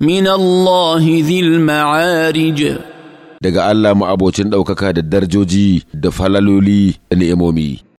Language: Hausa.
من الله ذي daga Allah ma'abocin ɗaukaka da darjoji da falaloli da ni'imomi.